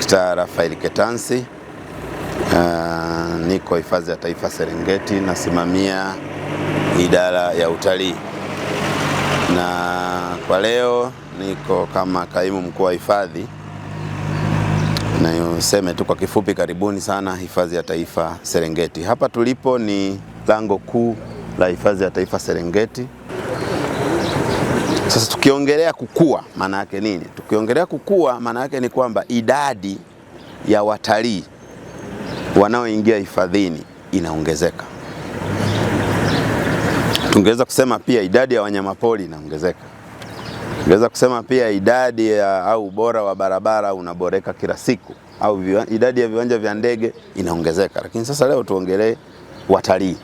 Dr. Rafael Ketansi. Uh, niko hifadhi ya taifa Serengeti, nasimamia idara ya utalii, na kwa leo niko kama kaimu mkuu wa hifadhi. Niseme tu kwa kifupi, karibuni sana hifadhi ya taifa Serengeti. Hapa tulipo ni lango kuu la hifadhi ya taifa Serengeti. Sasa tukiongelea kukua maana yake nini? Tukiongelea kukua maana yake ni kwamba idadi ya watalii wanaoingia hifadhini inaongezeka. Tungeweza kusema pia idadi ya wanyamapori inaongezeka. Tungeweza kusema pia idadi ya au ubora wa barabara unaboreka kila siku, au viwa, idadi ya viwanja vya ndege inaongezeka. Lakini sasa leo tuongelee watalii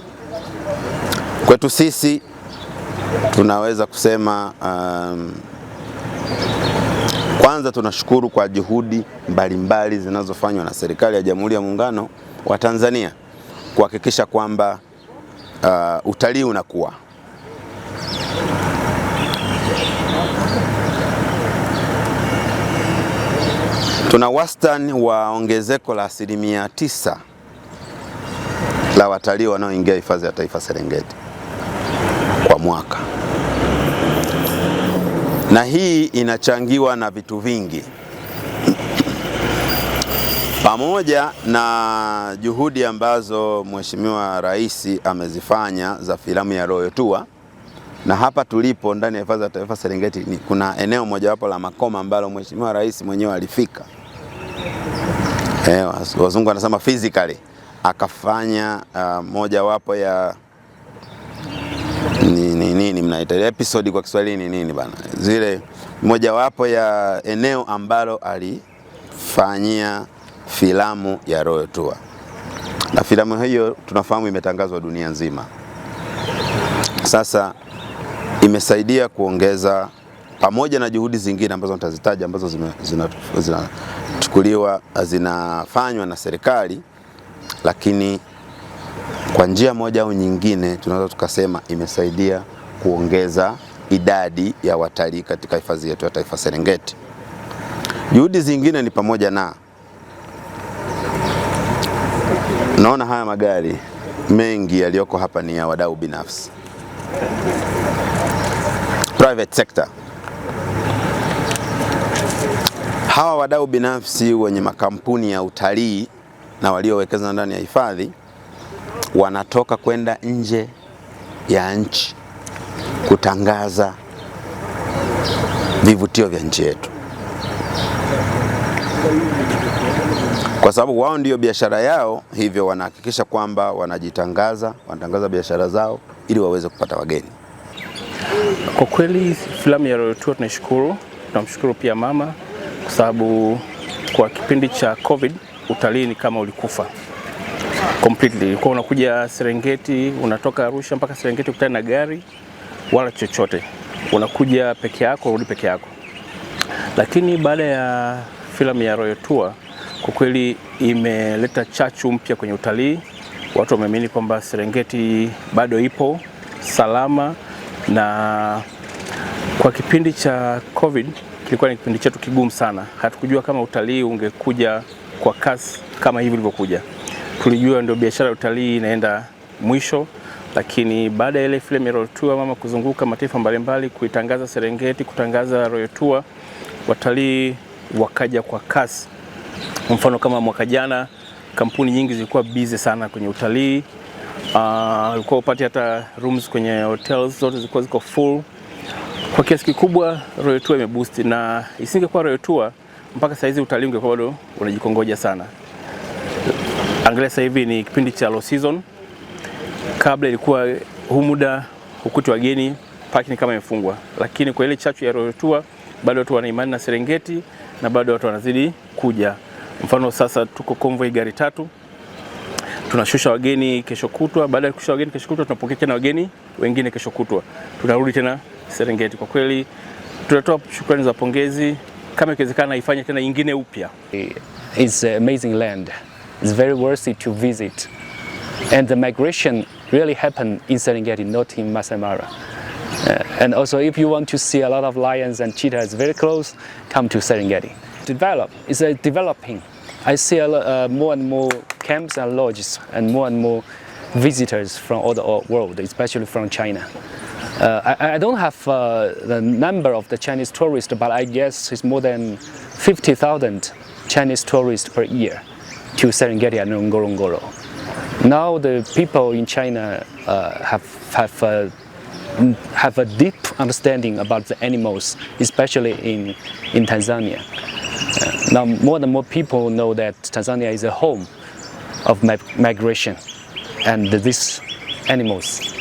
kwetu sisi tunaweza kusema um, kwanza tunashukuru kwa juhudi mbalimbali zinazofanywa na serikali ya Jamhuri ya Muungano wa Tanzania kuhakikisha kwamba uh, utalii unakuwa. Tuna wastani wa ongezeko la asilimia tisa la watalii wanaoingia hifadhi ya taifa Serengeti mwaka, na hii inachangiwa na vitu vingi pamoja na juhudi ambazo Mheshimiwa Rais amezifanya za filamu ya Royal Tour, na hapa tulipo ndani ya hifadhi ya taifa Serengeti ni kuna eneo mojawapo la Makoma ambalo Mheshimiwa Rais mwenyewe alifika, eh, wazungu wanasema physically akafanya uh, mojawapo ya ni nini ni, ni, mnaita episode kwa Kiswahili ni nini bana, zile mojawapo ya eneo ambalo alifanyia filamu ya Royal Tour, na filamu hiyo tunafahamu imetangazwa dunia nzima. Sasa imesaidia kuongeza pamoja na juhudi zingine ambazo nitazitaja ambazo zinachukuliwa zina, zinafanywa na serikali lakini kwa njia moja au nyingine, tunaweza tukasema imesaidia kuongeza idadi ya watalii katika hifadhi yetu ya taifa Serengeti. Juhudi zingine ni pamoja na, naona haya magari mengi yaliyoko hapa ni ya wadau binafsi, private sector. Hawa wadau binafsi wenye makampuni ya utalii na waliowekeza ndani ya hifadhi wanatoka kwenda nje ya nchi kutangaza vivutio vya nchi yetu, kwa sababu wao ndiyo biashara yao. Hivyo wanahakikisha kwamba wanajitangaza, wanatangaza biashara zao ili waweze kupata wageni. Kwa kweli filamu ya Royal Tour tunashukuru, tunamshukuru pia mama, kwa sababu kwa kipindi cha COVID utalii ni kama ulikufa completely. Kwa unakuja Serengeti, unatoka Arusha mpaka Serengeti ukutana na gari wala chochote, unakuja peke yako, urudi peke yako. Lakini baada ya filamu ya Royal Tour kwa kweli imeleta chachu mpya kwenye utalii. Watu wameamini kwamba Serengeti bado ipo salama, na kwa kipindi cha COVID kilikuwa ni kipindi chetu kigumu sana. Hatukujua kama utalii ungekuja kwa kasi kama hivi ulivyokuja tulijua ndio biashara ya utalii inaenda mwisho, lakini baada ya ile film ya Royal Tour mama kuzunguka mataifa mbalimbali, kuitangaza Serengeti, kutangaza Royal Tour, watalii wakaja kwa kasi. Mfano kama mwaka jana kampuni nyingi zilikuwa busy sana kwenye utalii ulikuwa ah, uh, upati hata rooms kwenye hotels zote zilikuwa ziko full kwa kiasi kikubwa. Royal Tour imeboost, na isingekuwa Royal Tour mpaka saizi utalii ungekuwa bado unajikongoja sana. Angalia sasa hivi ni kipindi cha low season. Kabla ilikuwa huu muda ukuti wageni parking kama imefungwa, lakini kwa ile chachu ya Royal Tour bado watu wana imani na Serengeti na bado watu wanazidi kuja. Mfano sasa tuko convoy gari tatu tunashusha wageni kesho kutwa. Baada ya kushusha wageni kesho kutwa, tunapokea tena wageni wengine kesho kutwa, tunarudi tena Serengeti. Kwa kweli tunatoa shukrani za pongezi, kama ikiwezekana ifanye tena ingine upya. It's amazing land. It's very worthy to visit. And the migration really happened in Serengeti, not in Masai Mara. Uh, and also, if you want to see a lot of lions and cheetahs very close, come to Serengeti. Develop, it's a developing. I see a, uh, more and more camps and lodges and more and more visitors from all the world, especially from China. Uh, I, I, don't have uh, the number of the Chinese tourists, but I guess it's more than 50,000 Chinese tourists per year to Serengeti and Ngorongoro. Now the people in China uh, have, have, a, have a deep understanding about the animals, especially in, in Tanzania. Uh, now more and more people know that Tanzania is a home of migration and these animals.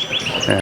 Uh,